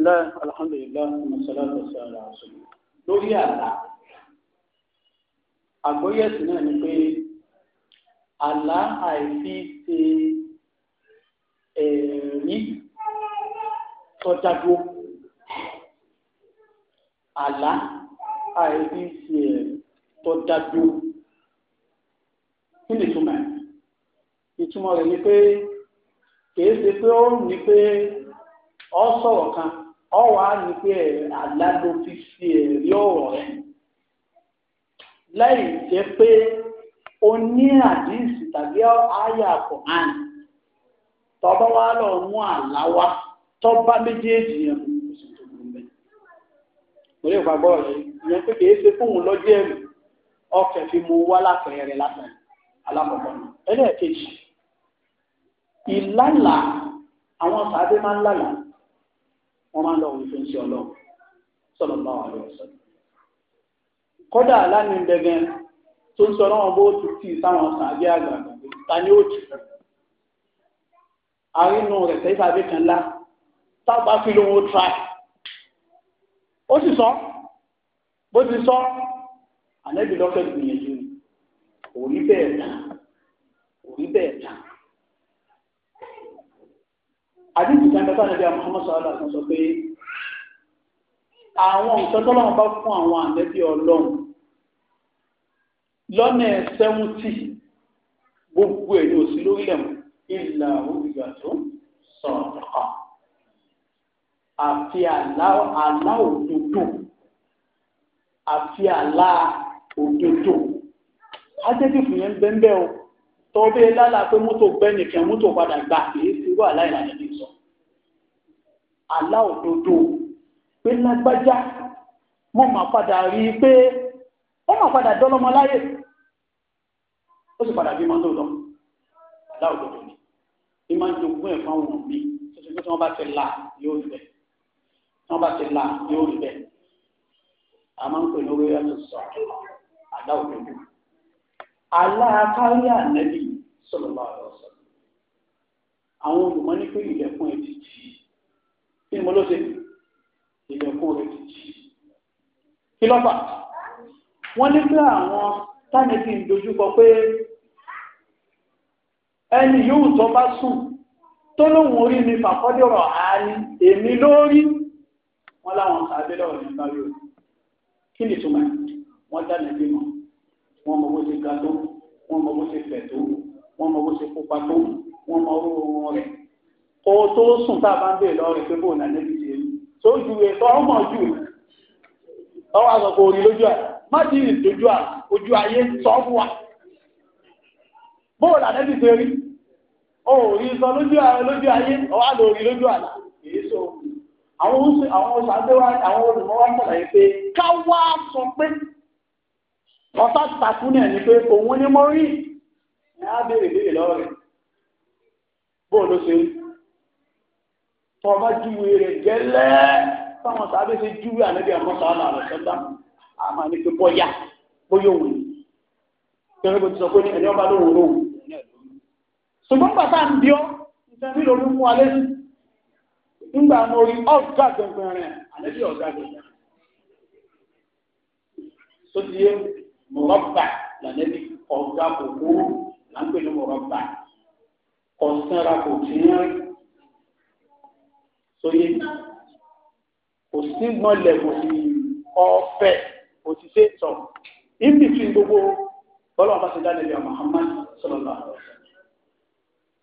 bisimilayi alihamdulilayi masalatu wasalaam alaṣu lórí àlá àgbóyèsí náà ni pé àlá àìsí ṣe ẹ̀rí tọ́jágbó àlá àìsí ṣe ẹ̀rí tọ́jágbó kí ni ìtumọ̀ ẹ̀ ìtumọ̀ rẹ̀ ni pé kìí ṣe pé ó ní pé ọ sọ̀rọ̀ kan ọwọ́ á ní pé àlálò fi ṣe ẹ̀rí ọ̀rọ̀ rẹ̀ láì jẹ́ pé o ní àdínsì tàbí àyà kọ̀hán tọ́ba wa lọ mú àláwá tọ́ba méjèèjì yẹn mú oṣù tó kù mẹ́. Ìpínlẹ̀ ìgbàgbọ́ rẹ̀ ìyẹn pé kìí ṣe fóun lọ́jọ́ ẹ̀rù ọkẹ̀ fi mu wá lápẹ̀rẹ̀ lásán alákọ̀ọ́kọ́ náà. Ẹlẹ́ẹ̀kejì ìlànà àwọn sàdé máa ń lálàá wọ́n máa ń lọ òun tó ń ṣe ọlọ́run sọ̀rọ̀ bá wà lọ sọ. kọ́dà aláàmì ń bẹ̀gẹ̀ tó ń sọ ọlọ́run bó ti tì sáwọn ọ̀sán àbí àgbà ta ni ó tù. àrínú rẹ̀ sẹ́yìn fàbí kan lá tábà fi lóun ó tra ó sì sọ bó ti sọ ànẹ́bí lọ́fẹ̀ẹ́ gbìyànjú òrí bẹ́ẹ̀ dà òrí bẹ́ẹ̀ dà àdìsí kàńtàtà nàbí Muhammad sallallahu alaihi wasallam sọ pé àwọn nǹkan tọ́lọ́wọ́n bá fún àwọn ànẹ́bí ọlọ́run lọ́nà sẹ́wọ́ntì gbogbo ẹ̀ ní òsì lórílẹ̀ mọ́ ìlà òbíga tó sọ̀rọ̀ àfi àlá òdodo àfi àlá òdodo ajẹ́bí fún yẹn bẹ́ẹ̀ o tọ́ bẹ́ẹ̀ lálàá pé mọ́tò gbẹ́ nìkan mọ́tò padà gbà kìí ṣe irú aláìlànà ní sọ àlá òdodo pé lágbájá wọn máa padà rí i pé wọn máa padà dọlọmọ láyè ó sì padà bímọ lóòótọ́ àlá òdodo ni bí máa ń jogún ẹ̀ fáwọn òbí tuntun tí wọ́n bá ti là yóò rí bẹ́ẹ̀ tí wọ́n bá ti là yóò rí bẹ́ẹ̀ a máa ń pè lórí ẹ̀sùn sọ àlá òdodo ànẹ́bí sọlọ́lá rẹ̀ àwọn olùmọ̀ ní pé ilẹ̀kùn ẹ̀ ti jì í kí ni mo ló ṣe ilẹ̀kùn rẹ̀ ti jì í kí ló fà wọ́n ní pé àwọn tánìkì ń dojúkọ pé ẹni yóò tọ́ bá sùn tó lóun orí mi fàkọ́dọ̀rọ̀ àání èmi lórí wọ́n láwọn sábẹ́lẹ̀ ọ̀rẹ́ ń bá kí ni túmọ̀ wọ́n dáná bí mọ̀ wọ́n mọ̀ bó ṣe ga tó wọ́n mọ̀ bó ṣe fẹ̀ tó wọ́n mọ̀ bó ṣe pupa tó wọn mọ orúkọ wọn rẹ̀ kó tó sùn tá a bá ń bèèrè lọ́wọ́ pé náà ju ètò ọmọ jù lójú má ti rìn lójú ojú ayé sọ fún wa náà rí o ò rí sọ lójú ayé ọwọ́ àlọ́ rí lójú àlá àwọn oṣù àwọn oṣù àdéhùn àwọn olùmọ̀ wa pé sọ pé ọ̀tá takú ní ẹni pé òun ni mo rí á béèrè béèrè bóun ló ṣe rí tó o bá júwe rẹ̀ gẹ́lẹ́ táwọn sábẹ́ ṣe júwe ànábì àmọ́ sàánà àlọ́ sọ́dá àmọ́ ní pé bọ́yá bóyá òun ni tẹ́lẹ̀ bó ti sọ pé ẹni ọba ló wòrò òun ṣùgbọ́n bàtà ń bí ọ́ ìtẹ̀mí ló mú alẹ́ sí nígbà mo rí ọ̀gá gbẹ̀ngbẹ̀n rẹ̀ ànábì ọ̀gá gbẹ̀ngbẹ̀n tó ti yé mọ̀ọ́bà lànẹ́bí ọ̀gá kòkòrò sára kò tí ń rí sóyè kò sí mọ́lẹ̀ kò sí ọ̀fẹ́ kò sí ṣe sọ in between gbogbo bọ́lọ́wọ́ bá ṣe dáadé bí i Muhammad sallallahu alaihi wasallam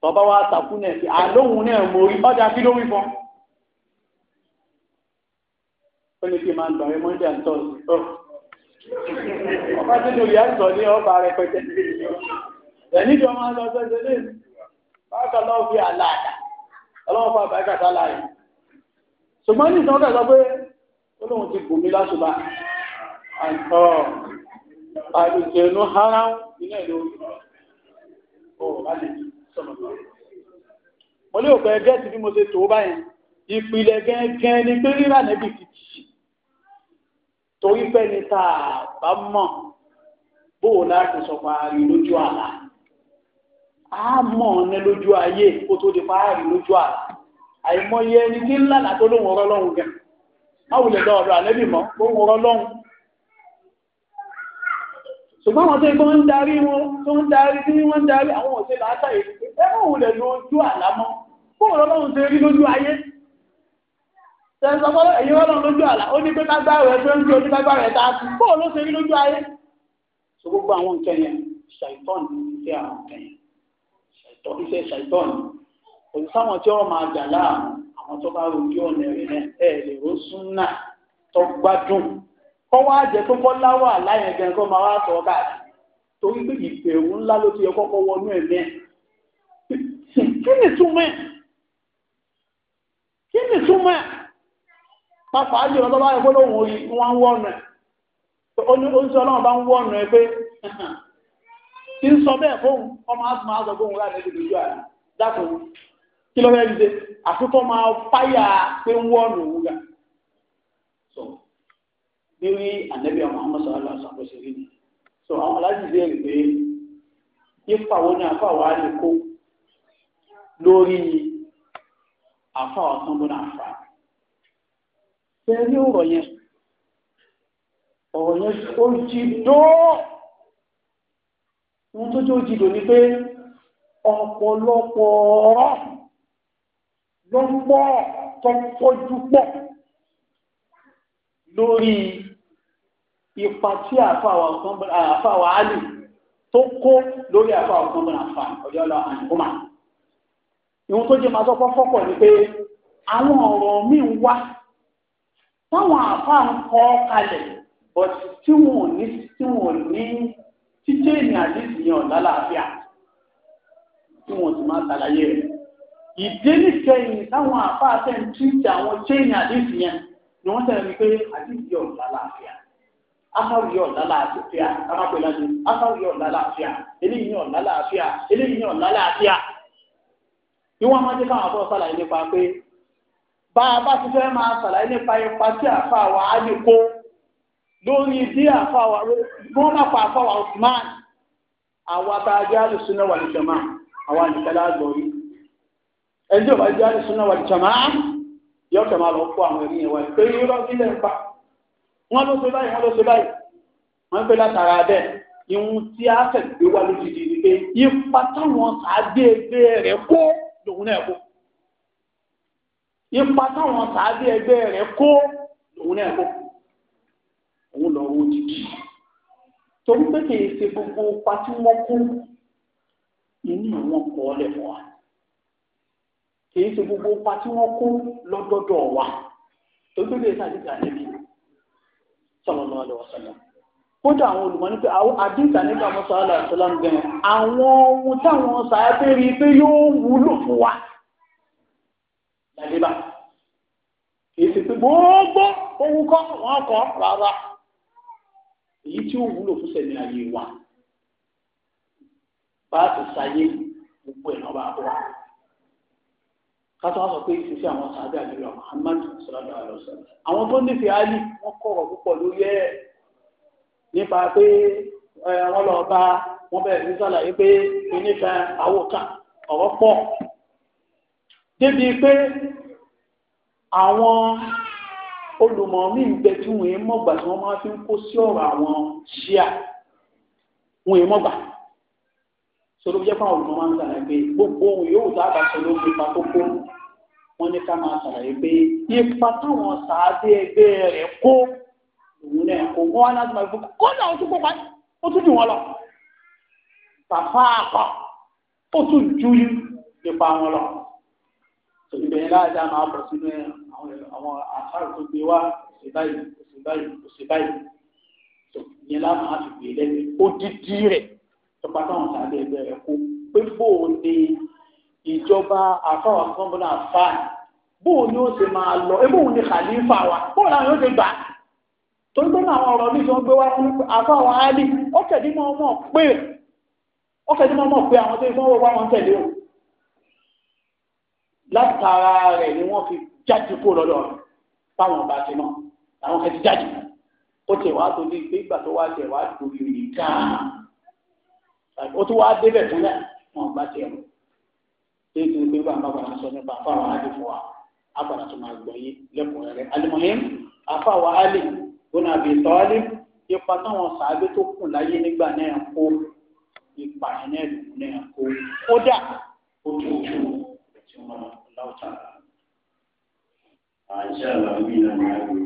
tọba wa takú náà sí àlóhun náà mo rí ọjà kí ló wí fún ó ní kí máa ń gbàrẹ monday and thursday ọba tí lórí àìsàn ní ọba rẹpẹtẹ ẹni jọ máa lọ sọsọ lẹ́nu bákan náà fi àlàdà ọlọ́run fún àbájá sálà rẹ̀ ṣùgbọ́n ní ìtàn kẹsàn pé olóhùn ti gùn mí lásùbà àìsọ àìsèlú hara ilé ìlú ò láti sọ̀rọ̀ mo lérò pé ẹgẹ́ ti bí mo ṣe tó báyìí ìpìlẹ̀ gẹ́gẹ́ ni pé rírà níbi ti torí pé ní tá a bá mọ̀ bóò láti sọ parí lójú àlá àmọ́ ọ̀nà lójú ayé kó tó di fáàrí lójú àlá àìmọye ẹni tí ńlá látó lóhun ọ̀rọ̀ lọ́hun gan máwùlẹ̀ lọ ọ̀rọ̀ àlẹ́bì mọ́ lóhun ọ̀rọ̀ lọ́hun ṣùgbọ́n wọn tó ń ń darí wọn tó ń darí tí wọ́n ń darí àwọn òṣè láàtà yìí ẹ̀wọ̀n lẹ̀ lójú àlá mọ́ fún ọ̀rọ̀ lọ́hun ṣe rí lójú ayé tẹ̀sán ẹ̀yìn ọlọ́run lójú àlá ó ní pé kágbáwẹ̀ tó ń ju onígbágbáwẹ̀ tá a ti fún ọ̀rọ̀ ló ṣe rí lójú ayé ṣùgbọ́n gbogbo àwọn nǹkan yẹn ṣàìtọ́n ti àwọn nǹkan yẹn ṣàìtọ́ iṣẹ́ ṣàìtọ́ ni òsì sáwọn tí wọ́n máa jà láàmú àwọn tó bá rojú ọ̀nà rẹ̀ náà ẹ̀ lè ró súnà tó gbádùn kọ́ wá jẹ́ tó kọ́ láwà láyẹn gan kó máa wá sọ káàkiri torí pé ìbẹ̀rù ńlá ló ti yẹ kọ́kọ́ wọnú ẹ̀mí ẹ̀ kí ni túmọ̀ ẹ̀ kí ni túmọ̀ ẹ̀ pàpà á jùlọ tó bá yẹ kó lóun òyìn wọn wọ̀nà ó ní oúnjẹ ọlọ́run bá ń wọ̀nà ẹ pé tí ń sọ bẹ́ẹ̀ fóun ọmọ asùnmọ́ azọgbóhun láti ẹgbẹ́ ìjọ àná dákun kí ló fẹ́ẹ́ dìde àfikún máa fáyà pé ń wọ́ọ̀nù òun gà so níbi ànẹ́bí ọmọ ọmọ sọ̀rọ̀ lọ sọ̀rọ̀ sí rí ni so àwọn aláàjì bẹ́ẹ̀ pé ipa wo ni àfa wa lè kó lórí àfa ọ̀sán bó náà fà á ṣe rí ọ̀rọ̀ yẹn ọ̀rọ̀ yẹn ó jí dóò ohun tó jó jìdò ni pé ọ̀pọ̀lọpọ̀ ọ̀rọ̀ ló ń pọ̀ tó ń pọ̀jú pọ̀ lórí ipa tí àfàwà alì tó kó lórí àfàwà ọ̀gbọ̀n àfàà ọjọ́ ọlọ́ àyíkúmà ìwọ̀n tó jẹ́ máa sọ́pọ̀ fọ́pọ̀ ni pé àwọn ọ̀rọ̀ míì ń wá táwọn àfàà ń kọ́ kalẹ̀ bọ̀t tí wọn ò ní títí èyàn àdéhùn yẹn ọ̀la láàfíà tí wọ́n ti máa ṣàlàyé rẹ̀. ìdílé kẹyìn táwọn àfa àtẹ ń tírìtì àwọn chéyìn àdéhùn yẹn ni wọ́n tẹ̀lé pé àdéhùn yẹn ọ̀la láàfíà akáwì yẹn ọ̀la láàfíà akáwì lájú akáwì yẹn ọ̀la láàfíà eléyìí yẹn ọ̀la láàfíà eléyìí yẹn ọ̀la láàfíà. ni wọ́n máa jẹ́ káwọn afọ́ ṣàlàyé nípa pé bá a bá ti fẹ́ máa ṣàlàyé nípa ipa tí àfa wa á lè kó lórí bí àfàwà wọ́n má pa àfàwà Usman àwọn abájá lùsùnà wà ní jama àwọn àdìgbàlá àgbọ̀rí ẹni tí ò bá jẹ́ àlùsùnà wà ní jama yóò kẹ́ máa lọ kó àwọn ẹ̀rí yẹn wá pé irọ́ sílẹ̀ ń pa wọ́n ló ṣe báyìí wọ́n ló ṣe báyìí wọ́n pé látara bẹ́ẹ̀ ìhun tí a fẹ́ gbé wá lójijì ni pé ipa táwọn sàgbéègbé rẹ̀ kó lòun náà kó ipa táwọn sàgbéègbé rẹ̀ kó lòun náà kó lójijì torí pé kì í ṣe gbogbo ipa tí wọ́n kú inú àwọn kọ́ ọ lẹ̀ wá kì í ṣe gbogbo ipa tí wọ́n kú lọ́dọ́dọ̀ wa torí pé kì í ṣe àdìgbà níbi sallallahu alaihi wasallam kódà àwọn olùmọ̀ ní pé àdìgbà nígbà mọ́sá aláàtọ́lá ń gbẹ̀yìn àwọn ohun táwọn sàáfẹ́ rí i pé yóò wúlò fún wa lálébà kì í ṣe pé gbogbo ohun kọ́ wọ́n kọ́ rárá èyí tí ó wúlò fún sẹ̀mí ayé wa bá a ti sáyé gbogbo ẹ̀ náà bá a bọ̀ wá kátó wá sọ pé ìfisí àwọn sàádé àdúrà Muhammad sallallahu alaihi àwọn tó nífẹ̀ẹ́ Ali wọ́n kọ̀rọ̀ púpọ̀ lórí ẹ̀ nípa pé wọ́n lọ bá wọ́n bẹ̀rẹ̀ ní sàlàyé pé onífẹ́ àwòká ọ̀rọ̀ pọ̀ débi pé àwọn olùmọ̀ mí ń bẹ tí wọ́n ń mọ̀gbà tí wọ́n máa fi ń kó sí ọ̀rọ̀ àwọn ṣíà wọ́n ń mọ̀gbà sọlọ́ jẹ́ fún àwọn olùmọ̀ máa ń sàlàyé pé gbogbo ohun yòówù tá a bá sọ lórí ipa tó kó wọ́n ní ká máa sàlàyé pé ipa táwọn sàádé ẹgbẹ́ rẹ̀ kó òun náà kó wọ́n wá láti máa fi kó náà ó tún kópa ó tún jù wọ́n lọ bàbá àpá ó tún ju ipa wọn lọ ìbẹ̀yẹn láti àwọn àṣàrò tó gbé wá òsè báyìí òsè báyìí òsè báyìí tó ìyẹn láwọn á fi gbé lẹ́yìn odidi rẹ̀ tọpa táwọn sáré ẹgbẹ́ rẹ̀ kó pé bóò ni ìjọba àfáwà fúnbọ́nà àfá bóò ni ó ṣe máa lọ ebó òun ni khalifa wa bóò làwọn yóò ṣe gbà torí pé àwọn ọ̀rọ̀ mi tí wọ́n gbé wá fún àfáwà áálí ó kẹ̀dí mọ́ ọmọ pé ó kẹ̀dí mọ́ ọmọ pé àwọn tó ń fọwọ́ jáde kó lọ́dọ̀ táwọn bá ti mọ̀ àwọn kan ti jáde ó tẹ̀ wá tó ní pé ìgbà tó wá tẹ̀ wá lórí rè gáà ó tún wá débẹ̀ fún náà wọn bá tẹ̀ mọ̀ ṣé kí n pé bá bá bàrà sọ nípa fáwọn àdìfọ́ wa àbàrà tó máa gbọ̀ yé lẹ́kọ̀ọ́ rẹ̀ alimọ̀hìn afáwa alì gbọ́nà àbí tọ́lí ipa táwọn sàábé tó kù láyé nígbà náà kó ipa yẹn náà lòun náà kó kódà ó tó ojú rẹ̀ tí wọ́n lọ́wọ́ tààrà àṣà làwọn ìlànà àgbè.